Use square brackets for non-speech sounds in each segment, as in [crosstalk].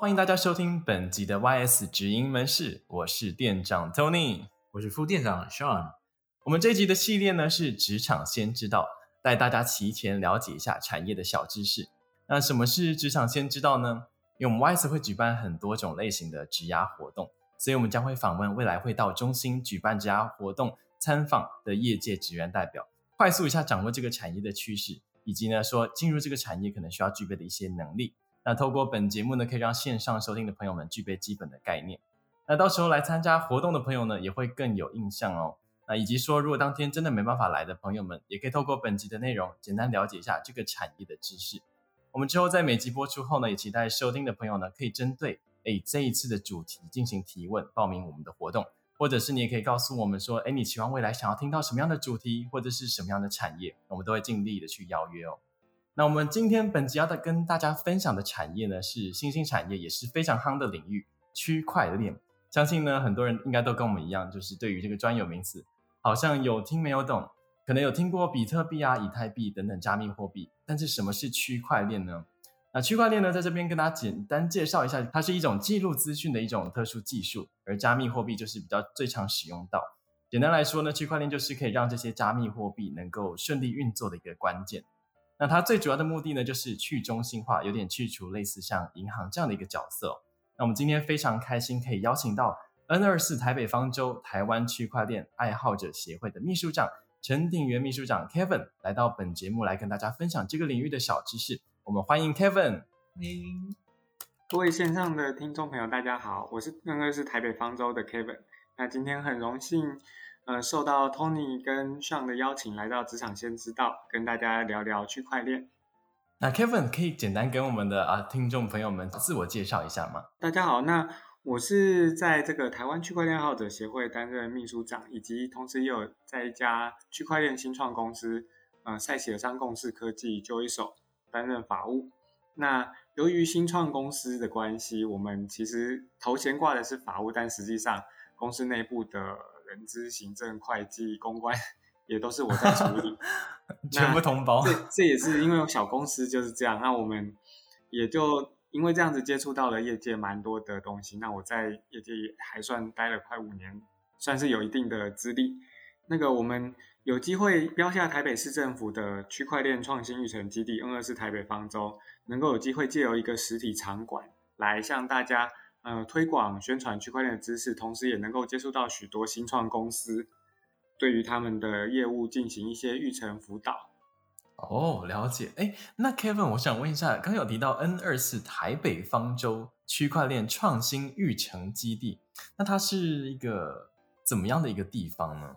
歡迎大家收聽本集的 YS 職營門市，我是店長 Tony，我是副店長 Sean。我們這一集的系列呢是職場先知道，帶大家提前了解一下產業的小知識。那什麼是職場先知道呢？因為我們 YS 會舉辦很多種類型的職涯活動，所以我們將會訪問未來會到中心舉辦職涯活動參訪的業界職員代表，快速一下掌握這個產業的趨勢，以及呢說進入這個產業可能需要具備的一些能力。那透過本節目呢，可以讓線上收聽的朋友們具備基本的概念。那到時候來參加活動的朋友呢，也會更有印象哦。那以及說，如果當天真的沒辦法來的朋友們，也可以透過本集的內容，簡單了解一下這個產業的知識。我們之後在每集播出後呢，也期待收聽的朋友呢，可以針對誒、欸，這一次的主題進行提問，報名我們的活動，或者是你也可以告訴我們說，誒、欸，你期望未來想要聽到什麼樣的主題，或者是什麼樣的產業，我們都會盡力的去邀約哦。那我們今天本集要跟大家分享的產業呢，是新興產業，也是非常夯的領域——區塊鏈。相信呢，很多人應該都跟我們一樣，就是對於這個專有名詞，好像有聽沒有懂。可能有聽過比特幣啊、以太幣等等加密貨幣，但是什麼是區塊鏈呢？那區塊鏈呢，在這邊跟大家簡單介紹一下，它是一種記錄資訊的一種特殊技術，而加密貨幣就是比較最常使用到。簡單來說呢，區塊鏈就是可以讓這些加密貨幣能夠順利運作的一個關鍵。那它最主要的目的呢，就是去中心化，有點去除類似像銀行這樣的一個角色哦。那我們今天非常開心，可以邀請到 N 二四台北方舟臺灣區塊鏈愛好者協會的秘書長陳鼎元秘書長 Kevin 來到本節目來跟大家分享這個領域的小知識。我們歡迎 Kevin。嗯。各位線上的聽眾朋友，大家好，我是 N 二四台北方舟的 Kevin。那今天很榮幸。呃，受到 Tony 跟 Sean 的邀請，來到《職場先知道》，跟大家聊聊區塊鏈。那 Kevin 可以簡單跟我們的啊聽眾朋友們自我介紹一下嗎？大家好，那我是在這個台灣區塊鏈愛好者協會擔任秘書長，以及同時也有在一家區塊鏈新創公司呃塞席爾商共識科技交易所擔任法務。那由於新創公司的關係，我們其實頭銜掛的是法務，但實際上公司內部的。人資、行政、會計、公關也都是我在處理， [laughs] 全部同胞 [laughs] 這。這這也是因為有，小公司就是這樣，那我們也就因為這樣子接觸到了業界蠻多的東西。那我在業界也還算待了快五年，算是有一定的資歷。那個我們有機會標下台北市政府的區塊鏈創新育成基地 N24 台北方舟，能夠有機會借由一個實體場館來向大家。呃，推廣宣傳區塊鏈的知識，同時也能夠接觸到許多新創公司，對於他們的業務進行一些育成輔導。哦，了解。哎、欸，那 Kevin，我想問一下，剛剛有提到 N 二四台北方舟區塊鏈創新育成基地，那它是一個怎麼樣的一個地方呢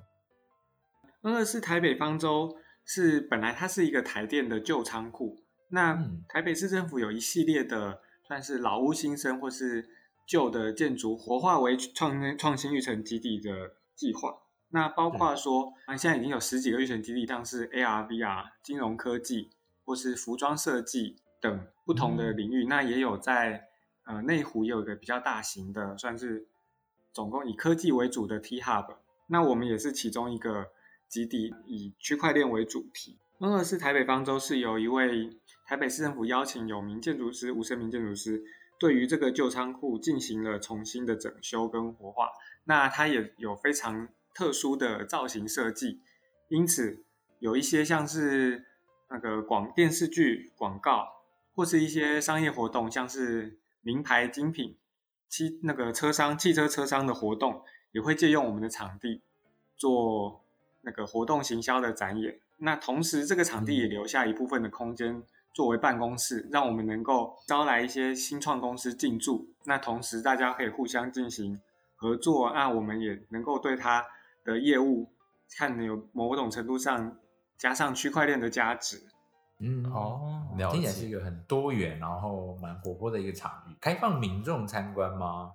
？N 二四台北方舟是本來它是一個台電的舊倉庫，那台北市政府有一系列的算是老屋新生或是。嗯舊的建築活化為創創新，創新育成基地的計劃，那包括說、嗯啊，現在已經有十幾個育成基地，像是 A R V R 金融科技或是服裝設計等不同的領域，嗯、那也有在呃內湖也有一個比較大型的，算是總共以科技為主的 T Hub，那我們也是其中一個基地，以區塊鏈為主題。那 N24 台北方舟是由一位台北市政府邀請有名建築師吳聲明建築師。對於這個舊倉庫進行了重新的整修跟活化，那它也有非常特殊的造型設計，因此有一些像是那個廣電視劇、廣告或是一些商業活動，像是名牌精品，汽那個車商、汽車車商的活動，也會借用我們的場地做那個活動行銷的展演。那同時，這個場地也留下一部分的空間。嗯作為辦公室，讓我們能夠招來一些新創公司進駐。那同時，大家可以互相進行合作。那我們也能夠對它的業務，看有某種程度上加上區塊鏈的價值。嗯，哦，了解。聽起來是一個很多元，然後蠻活潑的一個場域。開放民眾參觀嗎？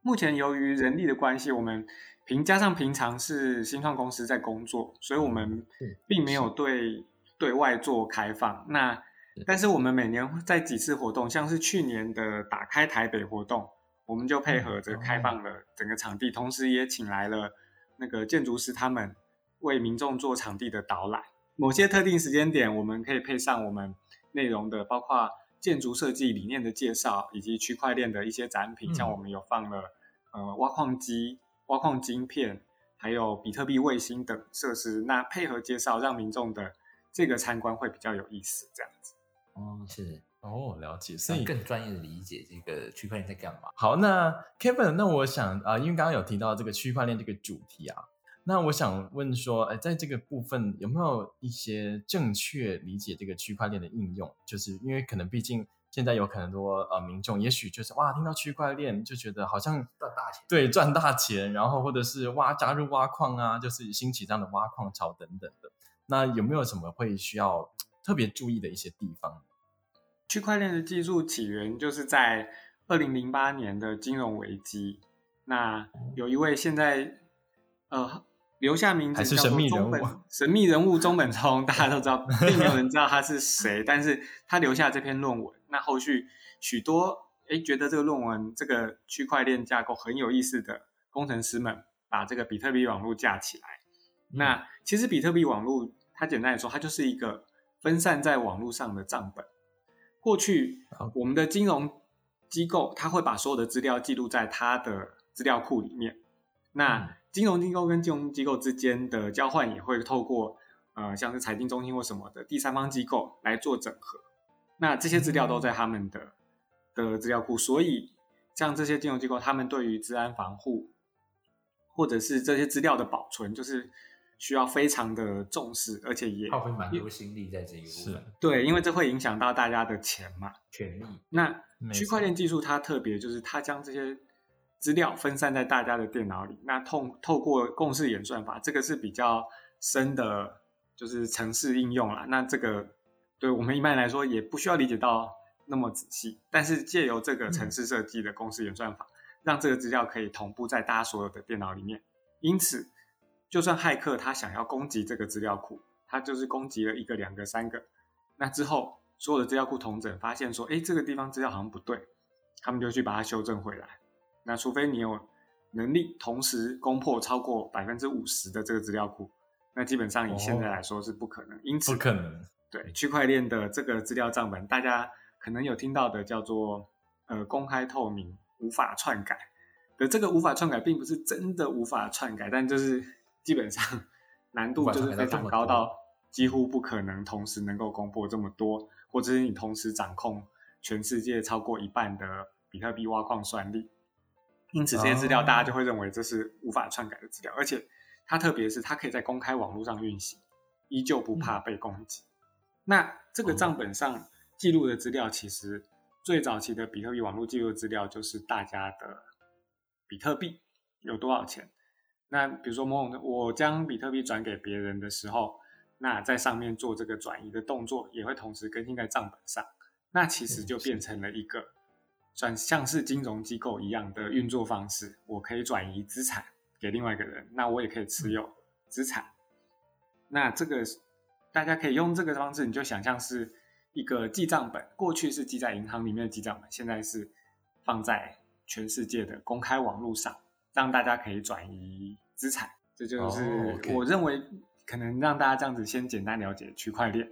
目前由於人力的關係，我們平加上平常是新創公司在工作，所以我們並沒有對對外做開放。嗯、那但是我們每年會在幾次活動，像是去年的打開台北活動，我們就配合着開放了整個場地，同時也請來了那個建築師，他們為民眾做場地的導覽。某些特定時間點，我們可以配上我們內容的，包括建築設計理念的介紹，以及區塊鏈的一些展品，像我們有放了呃挖礦機、挖礦晶片，還有比特幣衛星等設施。那配合介紹，讓民眾的這個參觀會比較有意思，這樣子。哦，是哦，了解，所以更專業的理解這個區塊鏈在幹嘛。好，那 Kevin，那我想啊，呃，因為剛剛有提到這個區塊鏈這個主題啊，那我想問說，欸，在這個部分有沒有一些正確理解這個區塊鏈的應用？就是因為可能畢竟現在有很多呃民眾，也許就是哇，聽到區塊鏈就覺得好像賺大錢，對，賺大錢，然後或者是挖，加入挖礦啊，就是興起這樣的挖礦潮等等的。那有沒有什麼會需要？特別注意的一些地方，區塊鏈的技術起源就是在二零零八年的金融危機，那有一位現在呃留下名字叫做中本神秘，神秘人物中本聰，大家都知道，並 [laughs] 沒有人知道他是誰。但是他留下了這篇論文。那後續許多哎覺得這個論文這個區塊鏈架構很有意思的工程師們，把這個比特幣網絡架起來。嗯，那其實比特幣網絡它簡單來說，它就是一個。分散在網絡上的賬本。過去我們的金融機構它會把所有的資料記錄在他的資料庫裡面。那金融機構跟金融機構之間的交換也會透過呃，像是財經中心或什麼的第三方機構來做整合。那這些資料都在他們的的資料庫，所以像這些金融機構，他們對於資安防護或者是這些資料的保存，就是。需要非常的重視，而且也耗費蠻多心力在這一部分是對，嗯、因為這會影響到大家的錢嘛、權利力。那錯區塊鏈技術它特別就是它將這些資料分散在大家的電腦裡，那通透，透過共識演算法，這個是比較深的，就是程式應用了。那這個對我們一般來說也不需要理解到那麼仔細，但是借由這個程式設計的共識演算法，嗯、讓這個資料可以同步在大家所有的電腦裡面，因此。就算駭客他想要攻擊這個資料庫，他就是攻擊了一個、兩個、三個，那之後所有的資料庫統整發現說，哎、欸，這個地方資料好像不對，他們就去把它修正回來。那除非你有能力同時攻破超過百分之五十的這個資料庫，那基本上以現在來說是不可能。Oh, 因此，不可能對區塊鏈的這個資料賬本，大家可能有聽到的叫做呃公開透明、無法篡改，的這個無法篡改並不是真的無法篡改，但就是。基本上難度就是非常高，到幾乎不可能同時能夠攻破這麼多，嗯嗯、或者是你同時掌控全世界超過一半的比特幣挖礦算力。因此，這些資料大家就會認為這是無法篡改的資料，哦、而且它特別是它可以在公開網絡上運行，依舊不怕被攻擊。嗯、那這個賬本上記錄的資料，其實最早期的比特幣網絡記錄資料就是大家的比特幣有多少錢。那比如說某某，我將比特幣轉給別人的時候，那在上面做這個轉移的動作，也會同時更新在賬本上。那其實就變成了一個算像是金融機構一樣的運作方式。我可以轉移資產給另外一個人，那我也可以持有資產。那這個大家可以用這個方式，你就想象是一個記賬本，過去是記在銀行裡面的記賬本，現在是放在全世界的公開網絡上，讓大家可以轉移資產，這就是我認為、oh, okay. 可能讓大家這樣子先簡單了解區塊鏈。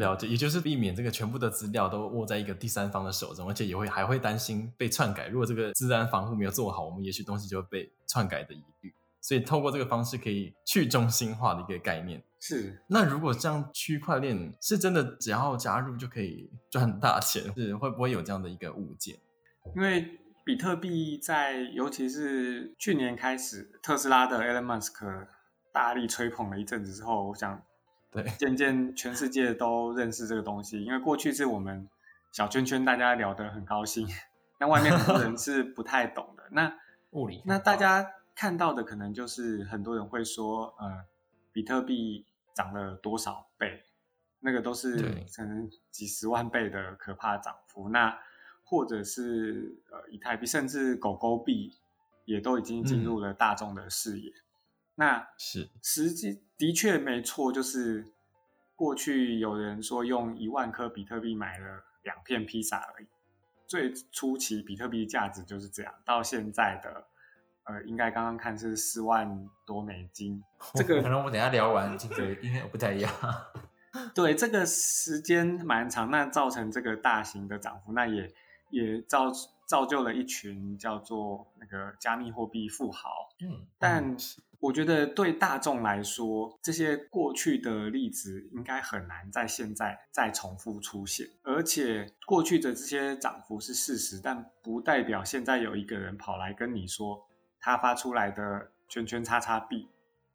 了解，也就是避免這個全部的資料都握在一個第三方的手中，而且也會還會擔心被篡改。如果這個資安防護沒有做好，我們也許東西就會被篡改的疑慮。所以透過這個方式可以去中心化的一個概念。是。那如果這樣，區塊鏈是真的，只要加入就可以賺大錢，是會不會有這樣的一個誤解？因為。比特幣在，尤其是去年開始，特斯拉的 Elon Musk 大力吹捧了一陣子之後，我想，對，漸漸全世界都認識這個東西。對 [laughs] 因為過去是我們小圈圈大家聊得很高興，但外面很多人是不太懂的。 [laughs] 那物理，那大家看到的可能就是很多人會說，呃，比特幣漲了多少倍？那個都是可能幾十萬倍的可怕漲幅。對那或者是呃，以太幣，甚至狗狗幣，也都已經進入了大眾的視野。嗯、那是實際的確沒錯，就是過去有人說用一萬顆比特幣買了兩片披薩而已。最初期比特幣價值就是這樣，到現在的、呃、應該剛剛看是四萬多美金。哦、這個可能我等一下聊完，對，因為我不太一樣。對，這個時間蠻長，那造成這個大型的漲幅，那也。也造造就了一群叫做那個加密貨幣富豪。嗯，但我覺得對大眾來說，這些過去的例子應該很難在現在再重複出現。而且過去的這些漲幅是事實，但不代表現在有一個人跑來跟你說，他發出來的圈圈叉叉幣。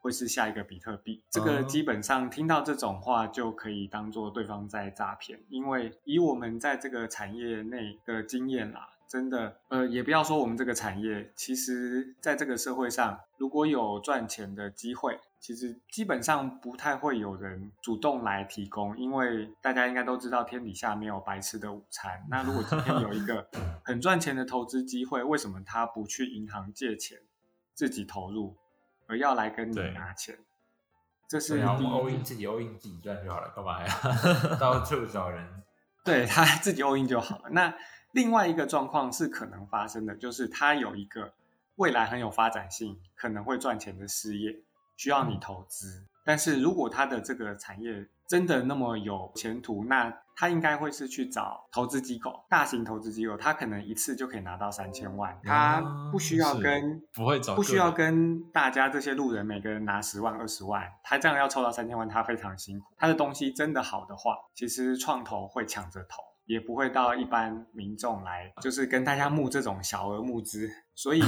會是下一個比特幣？這個基本上聽到這種話就可以當做對方在詐騙，因為以我們在這個產業內的經驗啦、啊，真的，呃，也不要說我們這個產業，其實在這個社會上，如果有賺錢的機會，其實基本上不太會有人主動來提供，因為大家應該都知道，天底下沒有白吃的午餐。那如果今天有一個很賺錢的投資機會，為什麼他不去銀行借錢，自己投入？我要來跟你拿錢，對這是。對，我 all in，自己 all in，自己賺就好了，幹嘛呀？到處找人， [laughs] 對他自己 all in 就好了。那另外一個狀況是可能發生的，就是他有一個未來很有發展性、可能會賺錢的事業，需要你投資。嗯但是如果他的這個產業真的那麼有前途，那他應該會是去找投資機構，大型投資機構，他可能一次就可以拿到三千萬，嗯、他不需要跟不會找不需要跟大家這些路人每個人拿十萬二十萬，他這樣要抽到三千萬，他非常辛苦。他的東西真的好的話，其實創投會搶着投，也不會到一般民眾來，就是跟大家募這種小額募資。所以，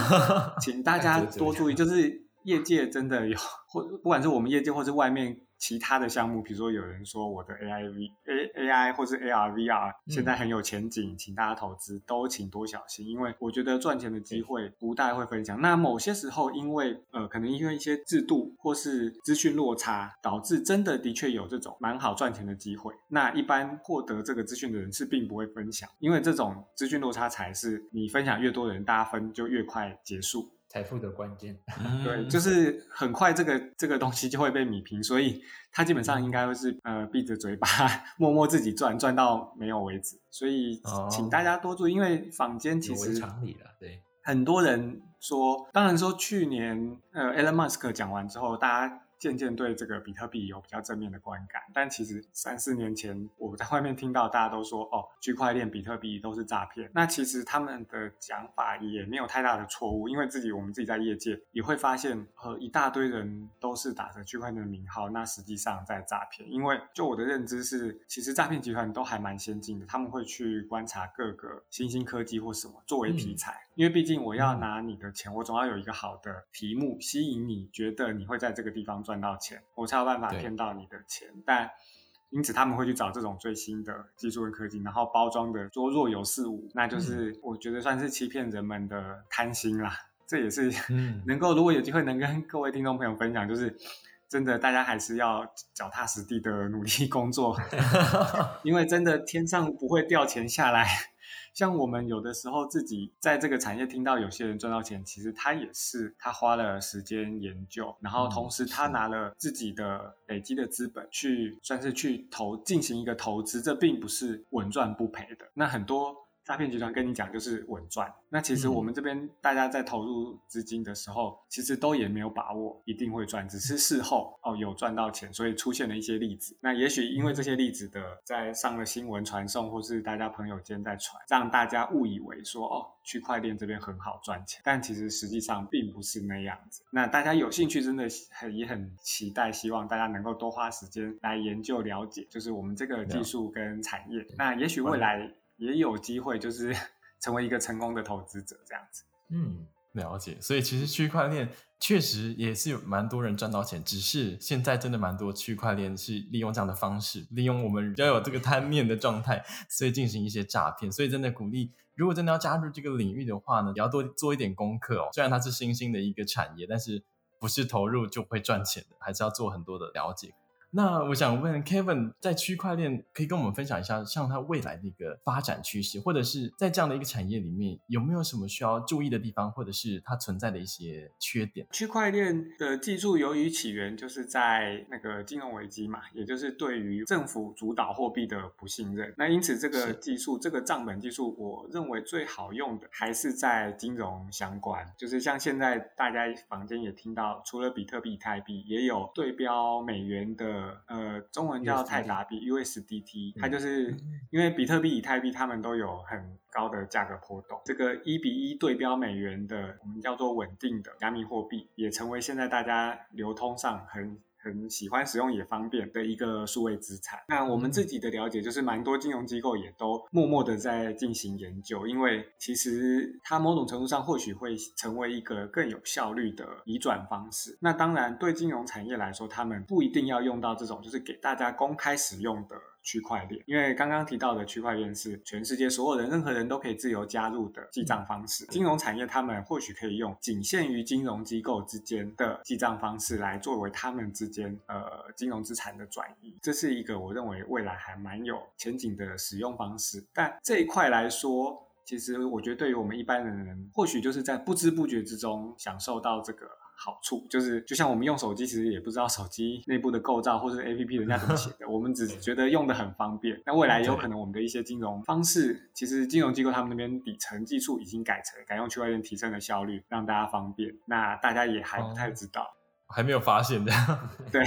請大家多注意， [laughs] 是就是。業界真的有，或不管是我們業界，或是外面其他的項目，比如說有人說我的 AIV、A AI 或是 ARVR、嗯、現在很有前景，請大家投資，都請多小心，因為我覺得賺錢的機會不大會分享。那某些時候，因為呃，可能因為一些制度或是資訊落差，導致真的的確有這種蠻好賺錢的機會。那一般獲得這個資訊的人是並不會分享，因為這種資訊落差才是你分享越多的人，大家分就越快結束。財富的關鍵， [laughs] 對，就是很快這個這個東西就會被弭平，所以他基本上應該會是、嗯、呃閉着嘴巴，默默自己賺賺到沒有為止。所以請大家多注意，因為坊間其實很多人說，當然說去年呃 Elon Musk 講完之後，大家。漸漸對這個比特幣有比較正面的觀感，但其實三四年前我在外面聽到大家都說，哦，區塊鏈、比特幣都是詐騙。那其實他們的講法也沒有太大的錯誤，因為自己我們自己在業界也會發現，呃，一大堆人都是打着區塊鏈的名號，那實際上在詐騙。因為就我的認知是，其實詐騙集團都還蠻先進的，他們會去觀察各個新興科技或什麼作為題材，嗯。因為畢竟我要拿你的錢，嗯。我總要有一個好的題目吸引你，覺得你會在這個地方賺。賺到錢，我才有辦法騙到你的錢。對但因此他們會去找這種最新的技術跟科技，然後包裝的多若有似無，那就是我覺得算是欺騙人們的貪心啦。這也是、嗯、能夠如果有機會，能跟各位聽眾朋友分享，就是真的大家還是要腳踏實地的努力工作， [laughs] [laughs] 因為真的天上不會掉錢下來。像我們有的時候自己在這個產業聽到有些人賺到錢，其實他也是他花了時間研究，然後同時他拿了自己的累積的資本去算是去投進行一個投資，這並不是穩賺不賠的。那很多。詐騙集團跟你講就是穩賺，那其實我們這邊大家在投入資金的時候，嗯、其實都也沒有把握一定會賺，只是事後哦有賺到錢，所以出現了一些例子。那也許因為這些例子的在上了新聞傳送，或是大家朋友間在傳，讓大家誤以為說哦區塊鏈這邊很好賺錢，但其實實際上並不是那樣子。那大家有興趣，真的很也很期待，希望大家能夠多花時間來研究了解，就是我們這個技術跟產業。有那也許未來。也有機會，就是成為一個成功的投資者這樣子。嗯，了解。所以其實區塊鏈確實也是有蠻多人賺到錢，只是現在真的蠻多區塊鏈是利用這樣的方式，利用我們比較有這個貪念的狀態，所以進行一些詐騙。所以真的鼓勵，如果真的要加入這個領域的話呢，也要多做一點功課哦。雖然它是新興的一個產業，但是不是投入就會賺錢，還是要做很多的了解。那我想問 Kevin，在區塊鏈可以跟我們分享一下，像它未來的一個發展趨勢，或者是在這樣的一個產業裡面有沒有什麼需要注意的地方，或者是它存在的一些缺點？區塊鏈的技術由於起源就是在那個金融危機嘛，也就是對於政府主導貨幣的不信任。那因此，這個技術，是這個賬本技術，我認為最好用的還是在金融相關，就是像現在大家房間也聽到，除了比特幣、以太幣，也有對標美元的。呃，中文叫泰達比 u s d t TT 它就是、嗯、因為比特幣、以太幣它們都有很高的價格波動，這個一比一對標美元的，我們叫做穩定的加密貨幣，也成為現在大家流通上很很喜歡使用也方便的一個數位資產。那我們自己的了解就是，蠻多金融機構也都默默的在進行研究，因為其實它某種程度上或許會成為一個更有效率的移轉方式。那當然，對金融產業來說，他們不一定要用到這種，就是給大家公開使用的。區塊鏈，因為剛剛提到的區塊鏈是全世界所有人、任何人都可以自由加入的記賬方式。金融產業他們或許可以用僅限於金融機構之間的記賬方式來作為他們之間呃金融資產的轉移，這是一個我認為未來還蠻有前景的使用方式。但這一塊來說，其實我覺得對於我們一般的人，或許就是在不知不覺之中享受到這個。好處就是，就像我們用手機，其實也不知道手機內部的構造或者是 APP 人家怎麼寫的， [laughs] 我們只是覺得用的很方便。那未來也有可能我們的一些金融方式，其實金融機構他們那邊底層技術已經改成了改用區塊鏈，提升了效率，讓大家方便。那大家也還不太知道，哦、還沒有發現這樣。 [laughs] 對，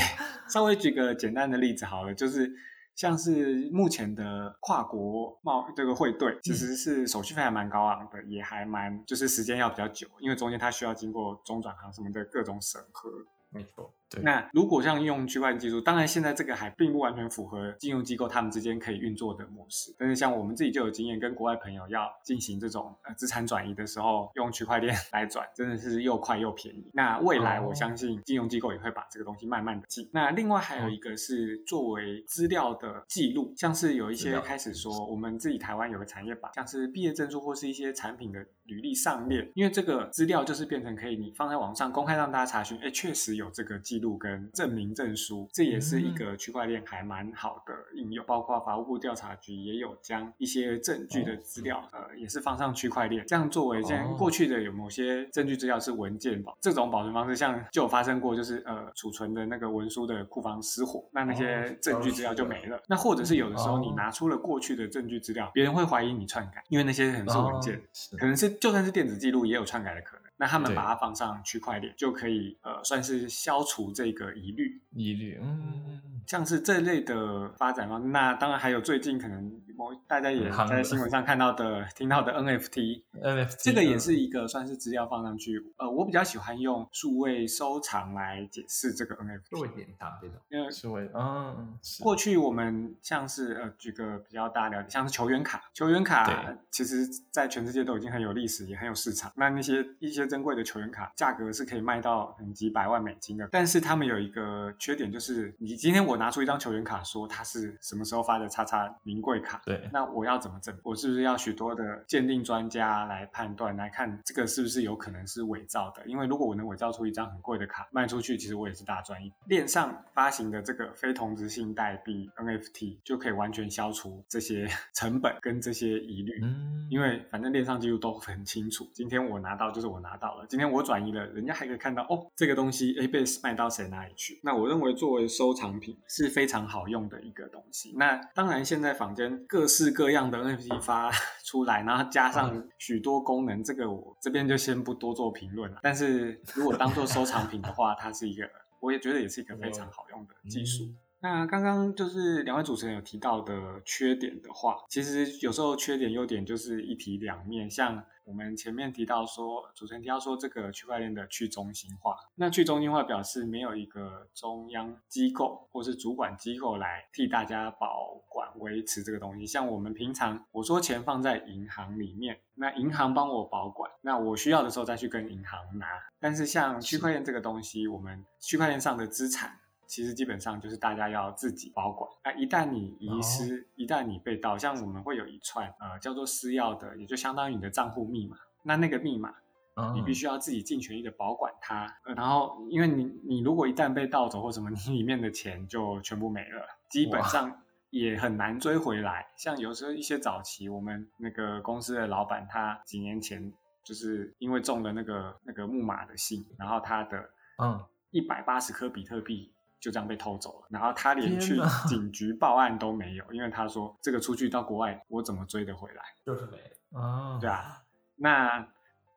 稍微舉個簡單的例子好了，就是。像是目前的跨國貿易這個匯兌，其實是手續費還蠻高昂的，也還蠻就是時間要比較久，因為中間它需要經過中轉行什麼的各種審核。沒錯。對那如果像用區塊鏈技術，當然現在這個還並不完全符合金融機構他們之間可以運作的模式。但是像我們自己就有經驗，跟國外朋友要進行這種呃資產轉移的時候，用區塊鏈來轉，真的是又快又便宜。那未來我相信金融機構也會把這個東西慢慢的進。那另外還有一個是作為資料的記錄，像是有一些開始說，我們自己台灣有個產業吧，像是畢業證書或是一些產品的履歷上面，因為這個資料就是變成可以你放在網上公開讓大家查詢，哎，確實有這個記。記錄跟證明證書，這也是一個區塊鏈還蠻好的應用。包括法務部調查局也有將一些證據的資料，呃，也是放上區塊鏈，這樣作為像過去的有某些證據資料是文件，保，這種保存方式，像就有發生過，就是呃，儲存的那個文書的庫房失火，那那些證據資料就沒了。那或者是有的時候你拿出了過去的證據資料，別人會懷疑你篡改，因為那些可能是文件，可能是就算是電子記錄也有篡改的可能。那他們把它放上區塊鏈，就可以對呃，算是消除這個疑慮。疑慮，嗯。像是這類的發展方，那當然還有最近可能。某大家也在新聞上看到的、聽到的 NFT，NFT 這個也是一個算是資料放上去。呃，我比較喜歡用數位收藏來解釋這個 NFT。數位這種，嗯、因為數位，嗯，是啊、過去我們像是呃，舉個比較大的像是球員卡。球員卡其實，在全世界都已經很有歷史，也很有市場。對那那些一些珍貴的球員卡，價格是可以賣到很幾百萬美金的。但是他們有一個缺點，就是你今天我拿出一張球員卡，說他是什麼時候發的，叉叉名貴卡。對，那我要怎麼證？我是不是要許多的鑑定專家來判斷，來看這個是不是有可能是偽造的？因為如果我能偽造出一張很貴的卡賣出去，其實我也是大賺一筆。鏈上發行的這個非同質性代幣 NFT 就可以完全消除這些成本跟這些疑慮，嗯、因為反正鏈上記錄都很清楚，今天我拿到就是我拿到了，今天我轉移了，人家還可以看到哦，這個東西 A base 賣到誰哪裡去？那我認為作為收藏品是非常好用的一個東西。那當然現在坊間。各式各樣的 NFT 發出來，然後加上許多功能，這個我這邊就先不多做評論了。但是如果當做收藏品的話， [laughs] 它是一個，我也覺得也是一個非常好用的技術。那、啊、剛剛就是兩位主持人有提到的缺點的話，其實有時候缺點優點就是一體兩面。像我們前面提到說，主持人提到說這個區塊鏈的去中心化。那去中心化表示沒有一個中央機構或是主管機構來替大家保管維持這個東西。像我們平常我說錢放在銀行裡面，那銀行幫我保管，那我需要的時候再去跟銀行拿。但是像區塊鏈這個東西，是我們區塊鏈上的資產。其實基本上就是大家要自己保管。那一旦你遺失，oh. 一旦你被盜，像我們會有一串呃叫做私鑰的，也就相當於你的賬戶密碼。那那個密碼，mm. 你必須要自己盡全力的保管它。呃，然後因為你你如果一旦被盜走或什麼，你裡面的錢就全部沒了，基本上也很難追回來。Wow. 像有時候一些早期我們那個公司的老板，他幾年前就是因為中了那個那個木馬的信，然後他的嗯一百八十顆比特幣。Mm. 就這樣被偷走了，然後他連去警局報案都沒有，哪因為他說這個出去到國外，我怎麼追得回來？就是沒啊，哦、對啊。那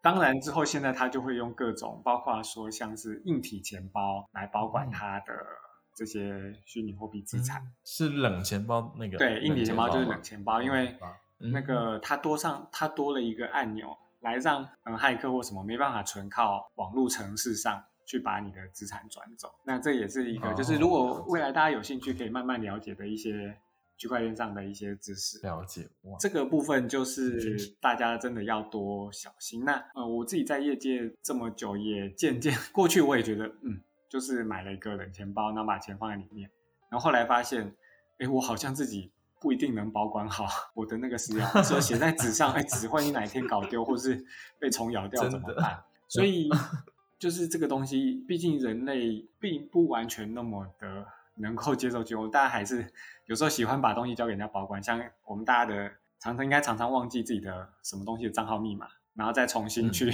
當然之後現在他就會用各種，包括說像是硬體錢包來保管他的這些虛擬貨幣資產、嗯，是冷錢包那個？對，硬體錢包就是冷錢包，錢包因為那個它多上它、嗯、多了一個按鈕來讓嗯駭客或什麼沒辦法純靠網絡程式上。去把你的資產轉走，那這也是一個，就是如果未來大家有興趣，可以慢慢了解的一些區塊鏈上的一些知識。了解，這個部分就是大家真的要多小心、啊。那呃，我自己在業界這麼久也漸漸，也漸漸過去，我也覺得，嗯，就是買了一個冷錢包，然後把錢放在裡面，然後後來發現，哎、欸，我好像自己不一定能保管好我的那個私鑰，所以寫在紙上，哎、欸，紙萬一哪一天搞丟，或是被蟲咬掉的怎麼辦？所以。 [laughs] 就是這個東西，畢竟人類並不完全那麼的能夠接受交互，大家還是有時候喜歡把東西交給人家保管。像我們大家的常常應該常常忘記自己的什麼東西的賬號密碼，然後再重新去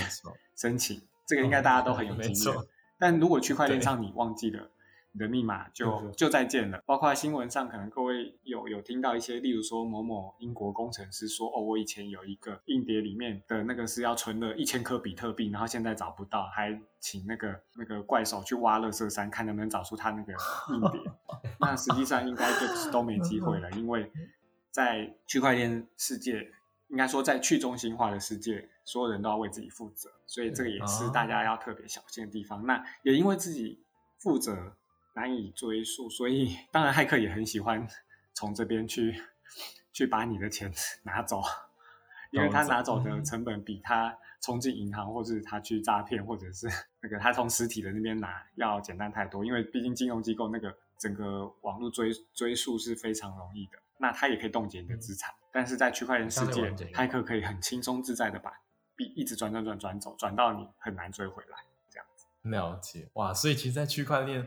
申請，嗯、這個應該大家都很有經驗。嗯嗯、但如果區塊鏈上你忘記了。你的密碼就對對就再見了，包括新聞上可能各位有有聽到一些，例如說某某英國工程師說：“哦，我以前有一個硬碟裡面的那個是要存了一千顆比特幣，然後現在找不到，還請那個那個怪手去挖垃圾山，看能不能找出他那個硬碟。” [laughs] 那實際上應該就都沒機會了，因為在區塊鏈世界，應該說在去中心化的世界，所有人都要為自己負責，所以這個也是大家要特別小心的地方。 [laughs] 那也因為自己負責。難以追溯，所以當然，駭客也很喜歡從這邊去、嗯、去把你的錢拿走，因為他拿走的成本比他衝進銀行，或者是他去詐騙，或者是那個他從實體的那邊拿要簡單太多，因為畢竟金融機構那個整個網絡追追溯是非常容易的，那他也可以凍結你的資產，嗯、但是在區塊鏈世界，駭客可以很輕鬆自在的把幣一直轉轉轉轉走，轉到你很難追回來這樣子。了解。哇，所以其實在區塊鏈。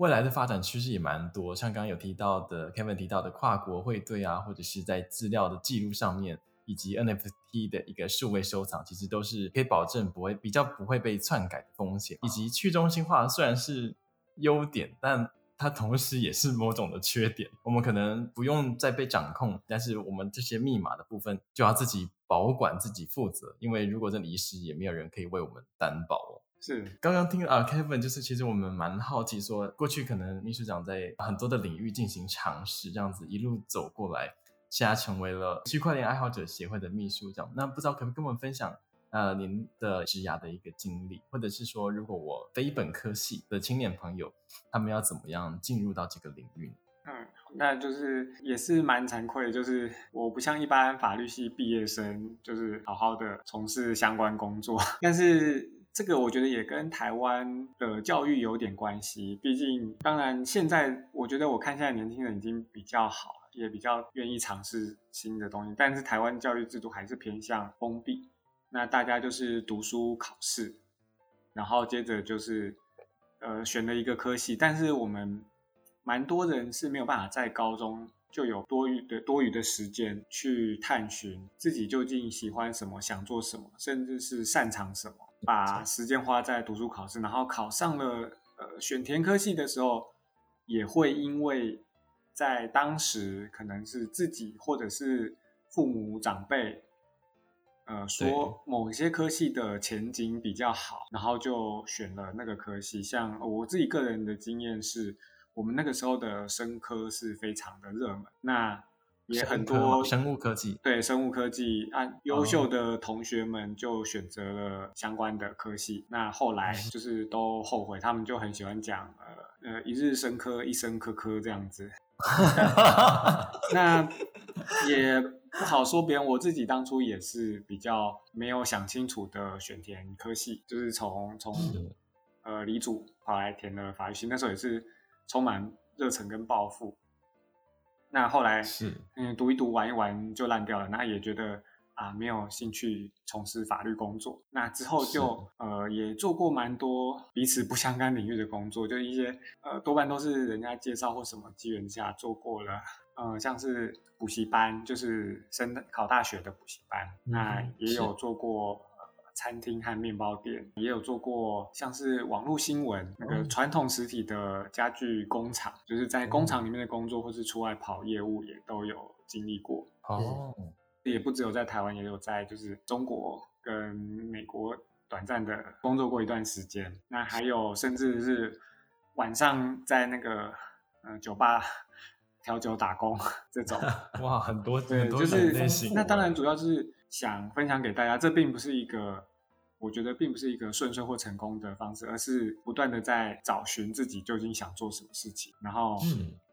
未來的發展趨勢也蠻多，像剛剛有提到的 Kevin 提到的跨國匯兌啊，或者是在資料的記錄上面，以及 NFT 的一個數位收藏，其實都是可以保證不會比較不會被篡改的風險。以及去中心化雖然是優點，但它同時也是某種的缺點。我們可能不用再被掌控，但是我們這些密碼的部分就要自己保管、自己負責，因為如果真的遺失，也沒有人可以為我們擔保哦。是剛剛聽啊，Kevin，就是其實我們蠻好奇，說過去可能秘書長在很多的領域進行嘗試，這樣子一路走過來，現在成為了區塊鏈愛好者協會的秘書長。那不知道可不可以跟我們分享，呃，您的職涯的一個經歷，或者是說，如果我非本科系的青年朋友，他們要怎麼樣進入到這個領域？嗯，那就是也是蠻慚愧的，就是我不像一般法律系畢業生，就是好好的從事相關工作，但是。這個我覺得也跟台灣的教育有點關係，畢竟當然現在我覺得我看現在年輕人已經比較好，也比較願意嘗試新的東西，但是台灣教育制度還是偏向封閉，那大家就是讀書考試，然後接着就是呃，選了一個科系，但是我們蠻多人是沒有辦法在高中。就有多餘的多餘的時間去探尋自己究竟喜歡什麼、想做什麼，甚至是擅長什麼。把時間花在讀書考試，然後考上了呃選填科系的時候，也會因為在當時可能是自己或者是父母長輩呃說某些科系的前景比較好，然後就選了那個科系。像我自己個人的經驗是。我們那個時候的生科是非常的熱門，那也很多生，生物科技，對生物科技啊，優秀的同學們就選擇了相關的科系。嗯、那後來就是都後悔，他們就很喜歡講呃呃一日生科一生科科這樣子 [laughs] [laughs] 那，那也不好說別人，我自己當初也是比較沒有想清楚的選填科系，就是從從是的呃理組跑來填了法律系，那時候也是。充滿熱忱跟抱負，那後來是嗯讀一讀玩一玩就爛掉了，那也覺得啊、呃、沒有興趣從事法律工作，那之後就是呃也做過蠻多彼此不相干領域的工作，就是一些呃多半都是人家介紹或什麼機緣之下做過了，呃像是補習班，就是升考大學的補習班，那、嗯呃、也有做過。餐廳和麵包店也有做過，像是網絡新聞、嗯、那個傳統實體的家具工廠，就是在工廠裡面的工作，嗯、或是出外跑業務也都有經歷過。哦，也不只有在台灣，也有在就是中國跟美國短暫的工作過一段時間。嗯、那還有甚至是晚上在那個嗯、呃、酒吧調酒打工這種。哇，很多對很多對、就是。類型。那當然，主要是。想分享給大家，這並不是一個，我覺得並不是一個順遂或成功的方式，而是不斷的在找尋自己究竟想做什麼事情，然後。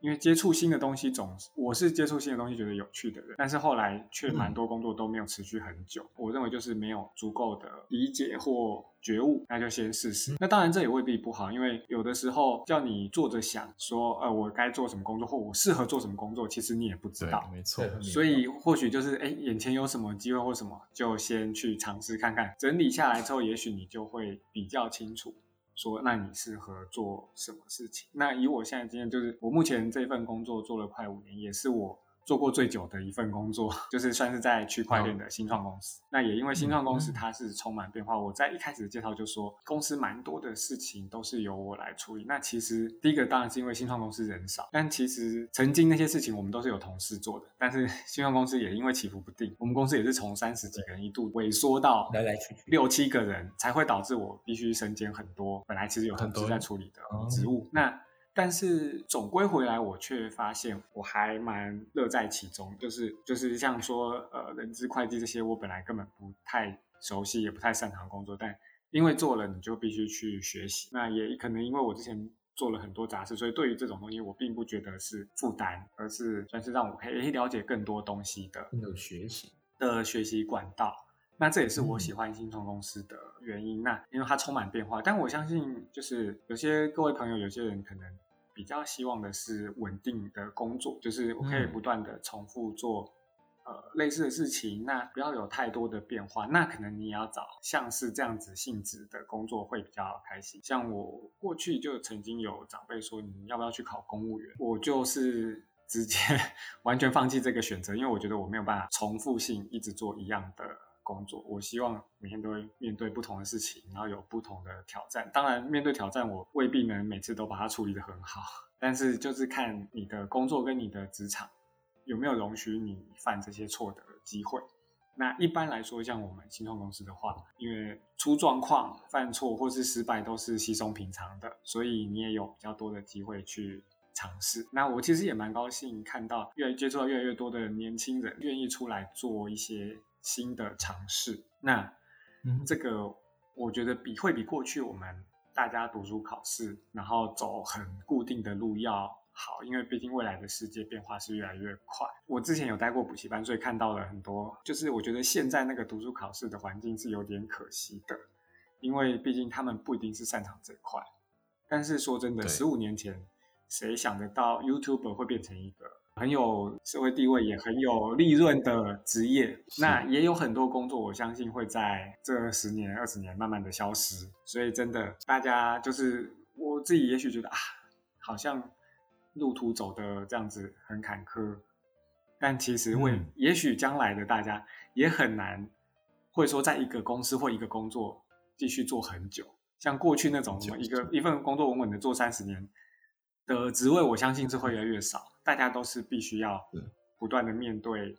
因為接觸新的東西總，總我是接觸新的東西覺得有趣的人，但是後來卻蠻多工作都沒有持續很久。嗯、我認為就是沒有足夠的理解或覺悟，那就先試試。嗯、那當然這也未必不好，因為有的時候叫你坐着想說，呃，我該做什麼工作或我適合做什麼工作，其實你也不知道。沒錯。沒錯。所以或許就是哎、欸，眼前有什麼機會或什麼，就先去嘗試看看。整理下來之後，也許你就會比較清楚。說，那你適合做什麼事情？那以我現在經驗，就是我目前這份工作做了快五年，也是我做過最久的一份工作，就是算是在區塊鏈的新創公司。哦、那也因為新創公司它是充滿變化，嗯、我在一開始的介紹就說，公司蠻多的事情都是由我來處理。那其實第一個當然是因為新創公司人少，但其實曾經那些事情我們都是有同事做的。但是新創公司也因為起伏不定，我們公司也是從三十幾個人一度萎縮到來來去去六七個人，才會導致我必須身兼很多本來其實有同事在處理的職務。哦、那但是總歸回來，我卻發現我還蠻樂在其中，就是就是像說呃，人資會計這些，我本來根本不太熟悉，也不太擅長工作，但因為做了，你就必須去學習。那也可能因為我之前做了很多雜事，所以對於這種東西，我並不覺得是負擔，而是算是讓我可以了解更多東西的，有學習的學習管道。那這也是我喜歡新創公司的原因。嗯、那因為它充滿變化，但我相信就是有些各位朋友，有些人可能。比較希望的是穩定的工作，就是我可以不斷的重複做、嗯、呃類似的事情，那不要有太多的變化。那可能你也要找像是這樣子性質的工作會比較開心。像我過去就曾經有長輩說，你要不要去考公務員，我就是直接完全放棄這個選擇，因為我覺得我沒有辦法重複性一直做一樣的。工作，我希望每天都會面對不同的事情，然後有不同的挑戰。當然，面對挑戰，我未必能每次都把它處理得很好。但是，就是看你的工作跟你的職場有沒有容許你犯這些錯的機會。那一般來說，像我們新創公司的話，因為出狀況、犯錯或是失敗都是稀鬆平常的，所以你也有比較多的機會去嘗試。那我其實也蠻高興看到越來接觸到越來越多的年輕人願意出來做一些。新的嘗試，那、嗯、哼這個我覺得比會比過去我們大家讀書考試然後走很固定的路要好，因為畢竟未來的世界變化是越來越快。我之前有帶過補習班，所以看到了很多，就是我覺得現在那個讀書考試的環境是有點可惜的，因為畢竟他們不一定是擅長這塊。但是說真的，十五對年前誰想得到 YouTuber 會變成一個？很有社會地位也很有利潤的職業，是那也有很多工作，我相信會在這十年二十年慢慢的消失。所以真的，大家就是我自己，也許覺得啊，好像路途走的這樣子很坎坷，但其實會，嗯、也許將來的大家也很難，會說在一個公司或一個工作繼續做很久，像過去那種什麼一個、嗯、一份工作穩穩的做三十年的職位，嗯、我相信是會越來越少。大家都是必須要不斷的面對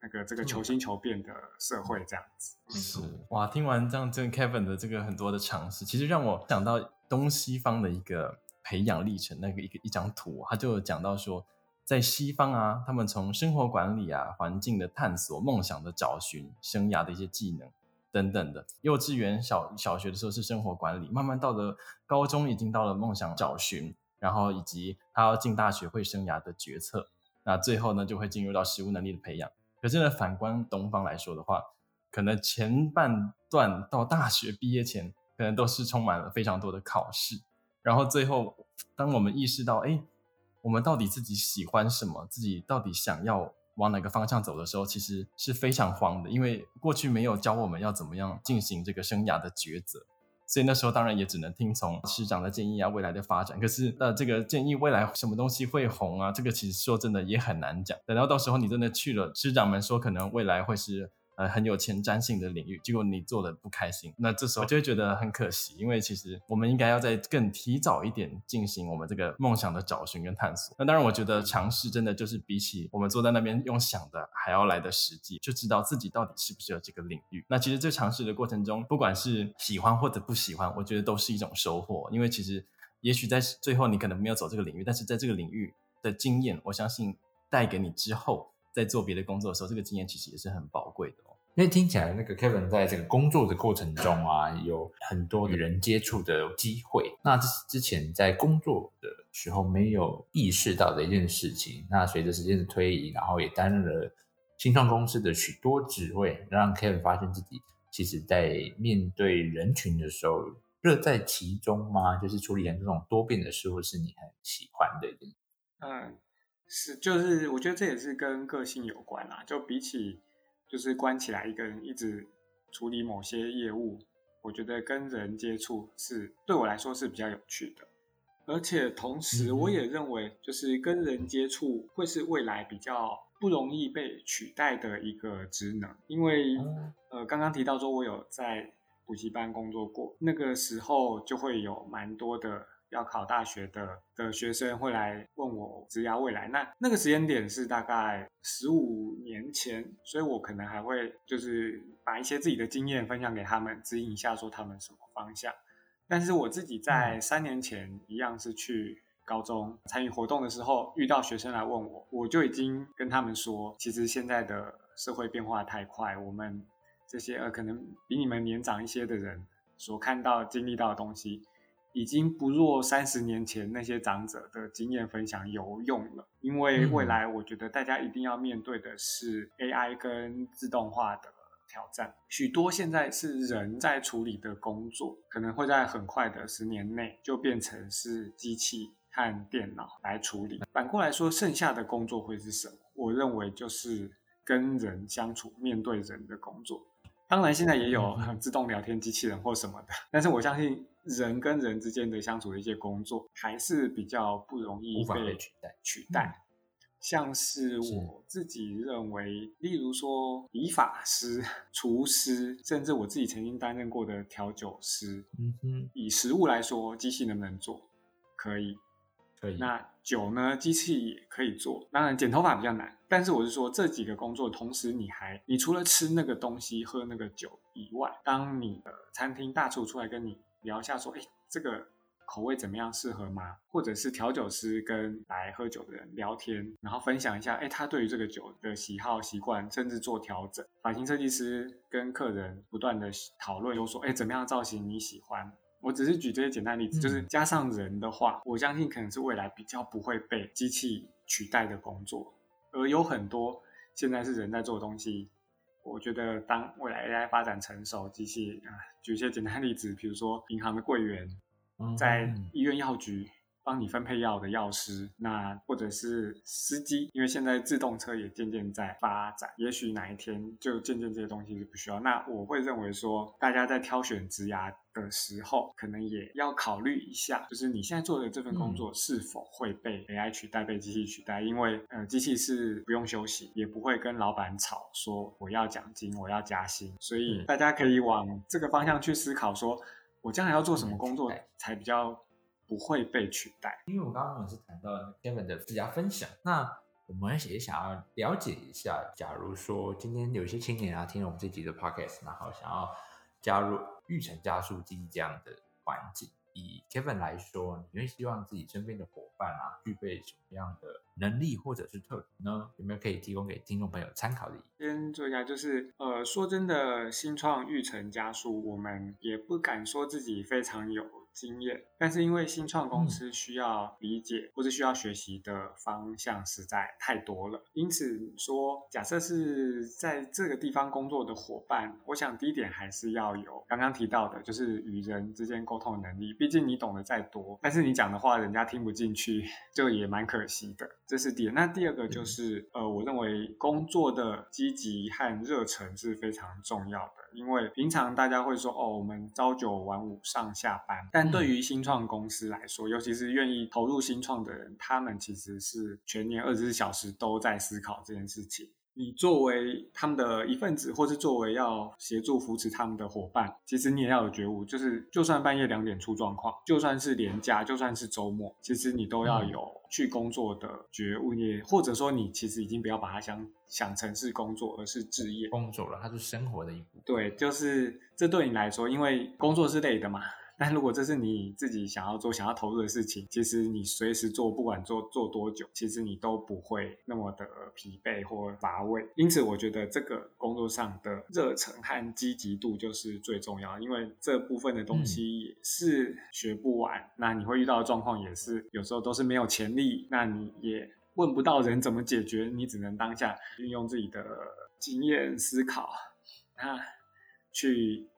那個這個求新求變的社會，這樣子是哇。聽完這樣子、這個、Kevin 的這個很多的嘗試，其實讓我想到東西方的一個培養歷程。那個一個一張圖，他就講到說，在西方啊，他們從生活管理啊、環境的探索、夢想的找尋、生涯的一些技能等等的，幼稚園小小學的時候是生活管理，慢慢到了高中已經到了夢想找尋。然後以及他要進大學會生涯的決策，那最後呢，就會進入到實務能力的培養。可是呢，反觀東方來說的話，可能前半段到大學畢業前，可能都是充滿了非常多的考試。然後最後，當我們意識到，哎，我們到底自己喜歡什麼，自己到底想要往哪個方向走的時候，其實是非常慌的，因為過去沒有教我們要怎麼樣進行這個生涯的抉擇。所以那時候當然也只能聽從師長的建議啊，未來的發展。可是呃，這個建議未來什麼東西會紅啊？這個其實說真的也很難講。等到到時候你真的去了，師長們說可能未來會是。呃，很有前瞻性的領域，結果你做的不開心，那這時候我就會覺得很可惜，因為其實我們應該要再更提早一點進行我們這個夢想的找尋跟探索。那當然，我覺得嘗試真的就是比起我們坐在那邊用想的還要來得實際，就知道自己到底適不適合這個領域。那其實這嘗試的過程中，不管是喜歡或者不喜歡，我覺得都是一種收穫，因為其實也許在最後你可能沒有走這個領域，但是在這個領域的經驗，我相信帶給你之後。在做別的工作的時候，這個經驗其實也是很寶貴的哦。因為聽起來，那個 Kevin 在這個工作的過程中啊，有很多與人接觸的機會。嗯、那這是之前在工作的時候沒有意識到的一件事情。嗯、那隨着時間的推移，然後也擔任了新創公司的許多職位，讓 Kevin 發現自己其實在面對人群的時候樂在其中嘛。就是處理很多種多變的事物，是你很喜歡的一件事情。嗯。是，就是我覺得這也是跟個性有關啦。就比起就是關起來一個人一直處理某些業務，我覺得跟人接觸是對我來說是比較有趣的。而且同時，我也認為就是跟人接觸會是未來比較不容易被取代的一個職能。因為呃，剛剛提到說我有在補習班工作過，那個時候就會有蠻多的。要考大學的的學生會來問我職涯未來，那那個時間點是大概十五年前，所以我可能還會就是把一些自己的經驗分享給他們，指引一下說他們什麼方向。但是我自己在三年前一樣是去高中參與活動的時候，遇到學生來問我，我就已經跟他們說，其實現在的社會變化太快，我們這些呃可能比你們年長一些的人所看到、經歷到的東西。已經不若三十年前那些長者的經驗分享有用了，因為未來我覺得大家一定要面對的是 AI 跟自動化的挑戰。許多現在是人在處理的工作，可能會在很快的十年內就變成是機器和電腦來處理。反過來說，剩下的工作會是什麼？我認為就是跟人相處、面對人的工作。當然，現在也有自動聊天機器人或什麼的，但是我相信，人跟人之間的相處的一些工作還是比較不容易被取代被取代，嗯、像是我自己認為，是例如說理髮師、廚師，甚至我自己曾經擔任過的調酒師。嗯哼，以食物來說，機器能不能做？可以，可以。那酒呢？機器也可以做。當然，剪頭髮比較難。但是我是說，這幾個工作同時，你還你除了吃那個東西、喝那個酒以外，當你的餐廳大廚出來跟你，聊一下說，哎、欸，這個口味怎麼樣適合嗎？或者是調酒師跟來喝酒的人聊天，然後分享一下，哎、欸，他對於這個酒的喜好習慣，甚至做調整。髮型設計師跟客人不斷的討論，就說，哎、欸，怎麼樣造型你喜歡？我只是舉這些簡單例子，嗯、就是加上人的話，我相信可能是未來比較不會被機器取代的工作，而有很多現在是人在做的東西。我覺得，當未來 AI 發展成熟，機器啊，舉一些簡單例子，比如說銀行的櫃員，嗯，在醫院藥局。幫你分配藥的藥師，那或者是司機，因為現在自動車也漸漸在發展，也許哪一天就漸漸這些東西就不需要。那我會認為說，大家在挑選職涯的時候，可能也要考慮一下，就是你現在做的這份工作是否會被 AI 取代、被機器取代？因為，呃，機器是不用休息，也不會跟老闆吵說我要獎金、我要加薪，所以大家可以往這個方向去思考說，說我將來要做什麼工作才比較。不會被取代。因為我剛剛是談到了 Kevin 的自家分享。那我們也想要了解一下，假如說今天有一些青年啊，聽了我們這集的 Podcast，然後想要加入育成加速機這樣的環境，以 Kevin 來說，你會希望自己身邊的夥伴啊，具備什麼樣的能力或者是特質呢？有沒有可以提供給聽眾朋友參考的？先做一下，就是呃，說真的，新創育成加速，我們也不敢說自己非常有。經驗，但是因為新創公司需要理解、嗯、或者需要學習的方向實在太多了，因此說假設是在這個地方工作的夥伴，我想第一點還是要有剛剛提到的，就是與人之間溝通能力，畢竟你懂得再多，但是你講的話人家聽不進去，就也蠻可惜的，這是一點。那第二個就是，嗯、呃，我認為工作的積極和熱忱是非常重要的，因為平常大家會說哦，我們朝九晚五上下班，但對於新創公司來說，尤其是願意投入新創的人，他們其實是全年二十四小時都在思考這件事情。你作為他們的一份子，或是作為要協助扶持他們的伙伴，其實你也要有覺悟，就是就算半夜兩點出狀況，就算是連假，就算是周末，其實你都要有去工作的覺悟。也或者說，你其實已經不要把它想想成是工作，而是置業。工作了，它是生活的一部分。對，就是這對你來說，因為工作是累的嘛。但如果這是你自己想要做、想要投入的事情，其實你隨時做，不管做做多久，其實你都不會那麼的疲憊或乏味。因此，我覺得這個工作上的熱忱和積極度就是最重要，因為這部分的東西也是學不完。嗯。那你會遇到的狀況也是有時候都是沒有潛力，那你也問不到人怎麼解決，你只能當下運用自己的經驗思考，那去。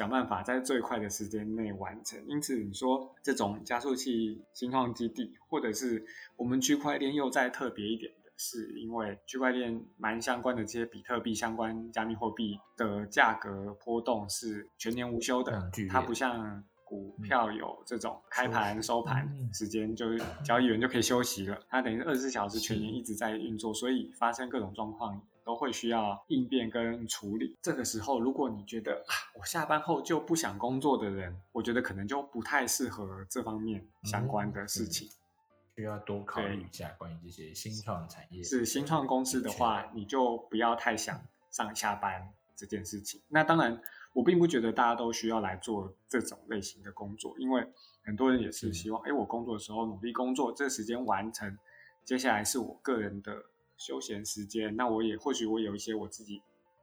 想辦法在最快的時間內完成。因此，你說這種加速器新創基地，或者是我們區塊鏈又再特別一點的，是因為區塊鏈蠻相關的這些比特幣相關加密貨幣的價格波動是全年無休的，嗯、它不像股票有這種開盤收盤時間，就是交易員就可以休息了，它等於二十四小時全年一直在運作，是所以發生各種狀況。都會需要應變跟處理。這個時候，如果你覺得啊，我下班後就不想工作的人，我覺得可能就不太適合這方面相關的事情。嗯，需要多考慮一下關於這些新創產業。是，是新創公司的話，前你就不要太想上下班這件事情。那當然，我並不覺得大家都需要來做這種類型的工作，因為很多人也是希望，哎是，我工作的時候努力工作，這時間完成，接下來是我個人的。休閒時間，那我也或許我有一些我自己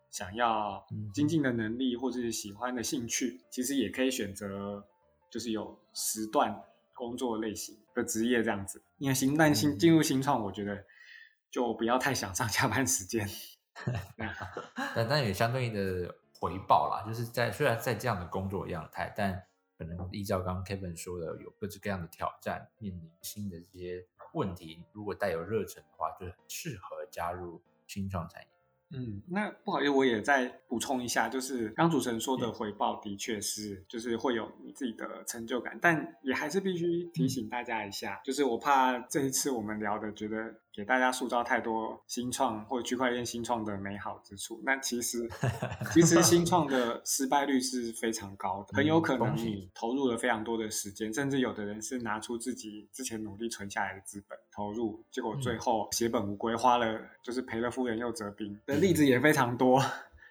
想要精進的能力，或者是喜歡的興趣，嗯、其實也可以選擇，就是有時段工作類型的職業，這樣子也行。但新進入新創，我覺得就不要太想上下班時間。但那也相對應的回報啦，就是在雖然在這樣的工作樣態，但可能依照剛剛 Kevin 說的，有各式各樣的挑戰，面臨新的這些問題，如果帶有熱忱的話，就適合加入新創產業。嗯，那不好意思，我也再補充一下，就是剛主持人說的回報的確是，嗯、就是會有你自己的成就感，但也還是必須提醒大家一下，嗯、就是我怕這一次我們聊的覺得。給大家塑造太多新創或區塊鏈新創的美好之處，那其實其實新創的失敗率是非常高的，很有可能你投入了非常多的時間，甚至有的人是拿出自己之前努力存下來的資本投入，結果最後血本無歸，花了就是賠了夫人又折兵的例子也非常多。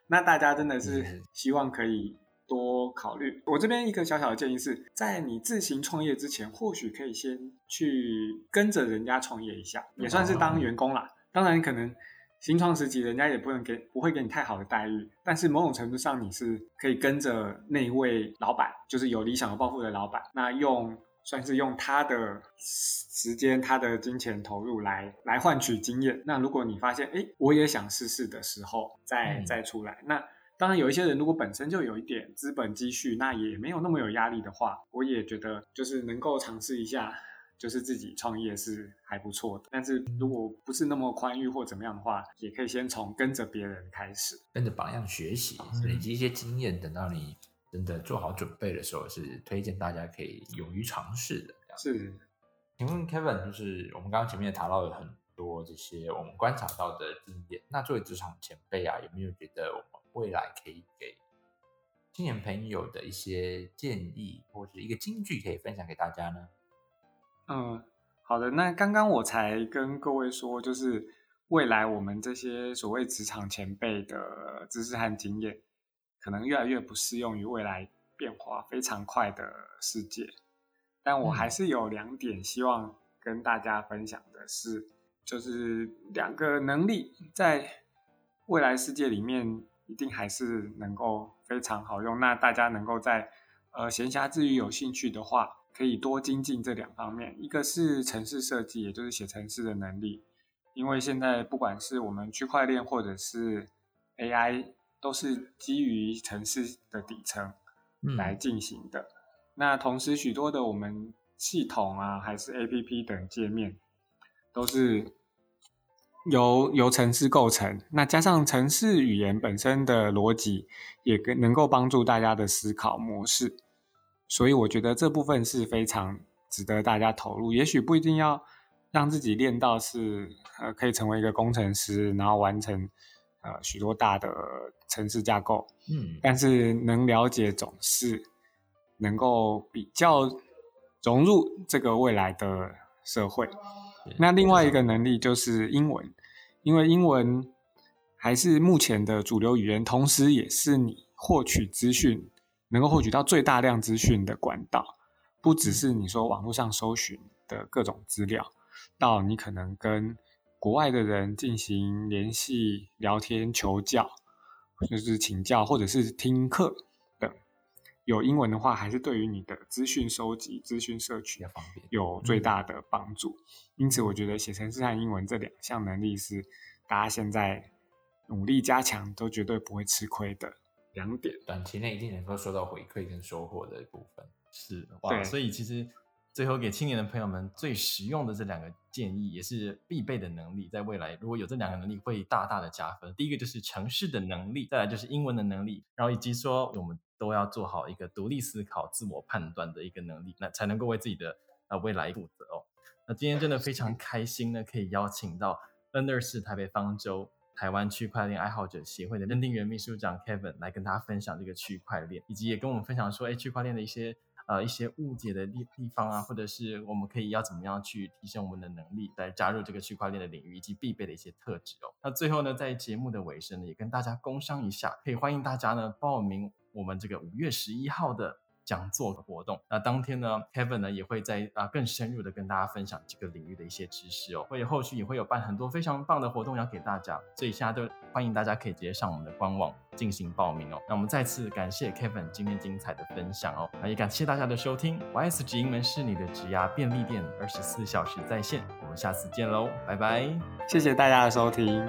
那大家真的是希望可以多考慮。我這邊一個小小的建議是，在你自行創業之前，或許可以先去跟着人家創業一下，也算是當員工啦。嗯、當然，可能新創時期，人家也不能給，不會給你太好的待遇。但是，某種程度上，你是可以跟着那一位老闆，就是有理想、有抱負的老闆，那用算是用他的時間、他的金錢投入來來換取經驗。那如果你發現，哎、欸，我也想試試的時候，再再出來、嗯、那。當然，有一些人如果本身就有一點資本積蓄，那也沒有那麼有壓力的話，我也覺得就是能夠嘗試一下，就是自己創業是還不錯的。但是如果不是那麼寬裕或怎麼樣的話，也可以先從跟着別人開始，跟着榜樣學習，累積一些經驗。等到你真的做好準備的時候，是推薦大家可以勇於嘗試的。是，請問 Kevin，就是我們剛剛前面也談到有很多這些我們觀察到的經驗，那作為職場前輩啊，有沒有覺得我們？未來可以給青年朋友的一些建議，或是一個金句可以分享給大家呢？嗯，好的。那剛剛我才跟各位說，就是未來我們這些所謂職場前輩的知識和經驗，可能越來越不適用於未來變化非常快的世界。但我還是有兩點希望跟大家分享的是，就是兩個能力在未來世界裡面。一定還是能夠非常好用。那大家能夠在呃閒暇之餘有興趣的話，可以多精進這兩方面。一個是程式設計，也就是寫程式的能力，因為現在不管是我們區塊鏈或者是 AI，都是基於程式的底層來進行的。嗯、那同時，許多的我們系統啊，還是 APP 等界面，都是。由由程式構成，那加上程式語言本身的邏輯，也更能夠幫助大家的思考模式。所以，我覺得這部分是非常值得大家投入。也許不一定要讓自己練到是呃可以成為一個工程師，然後完成呃許多大的程式架構。嗯，但是能了解總是能夠比較融入這個未來的社會。那另外一個能力就是英文，因為英文還是目前的主流語言，同時也是你獲取資訊，能夠獲取到最大量資訊的管道，不只是你說網絡上搜尋的各種資料，到你可能跟國外的人進行聯繫、聊天、求教，就是請教或者是聽課。有英文的話，還是對於你的資訊收集、資訊社群有最大的幫助。嗯、因此，我覺得寫程式和英文這兩項能力是大家現在努力加強都絕對不會吃虧的兩點。短期內一定能夠收到回饋跟收穫的部分是的，對所以其實。最後給青年的朋友們最實用的這兩個建議，也是必備的能力，在未來如果有這兩個能力，會大大的加分。第一個就是城市的能力，再來就是英文的能力，然後以及說我們都要做好一個獨立思考、自我判斷的一個能力，那才能夠為自己的呃未來負責哦。那今天真的非常開心呢，可以邀請到 N24 台北方舟台灣區塊鏈愛好者協會的認定員秘書長 Kevin 來跟大家分享這個區塊鏈，以及也跟我們分享說，哎，區塊鏈的一些。呃，一些誤解的地地方啊，或者是我們可以要怎麼樣去提升我們的能力，來加入這個區塊鏈的領域，以及必備的一些特質哦。那最後呢，在節目的尾聲呢，也跟大家工商一下，可以歡迎大家呢報名我們這個五月十一號的。講座的活動，那當天呢，Kevin 呢也會在啊更深入的跟大家分享這個領域的一些知識哦，我也後續也會有辦很多非常棒的活動要給大家，所以現在都歡迎大家可以直接上我們的官網進行報名哦。那我們再次感謝 Kevin 今天精彩的分享哦，那也感謝大家的收聽。 謝謝收聽 YS 職營門市是你的職涯便利店，二十四小時在線，我們下次見嘍，拜拜，謝謝大家的收聽。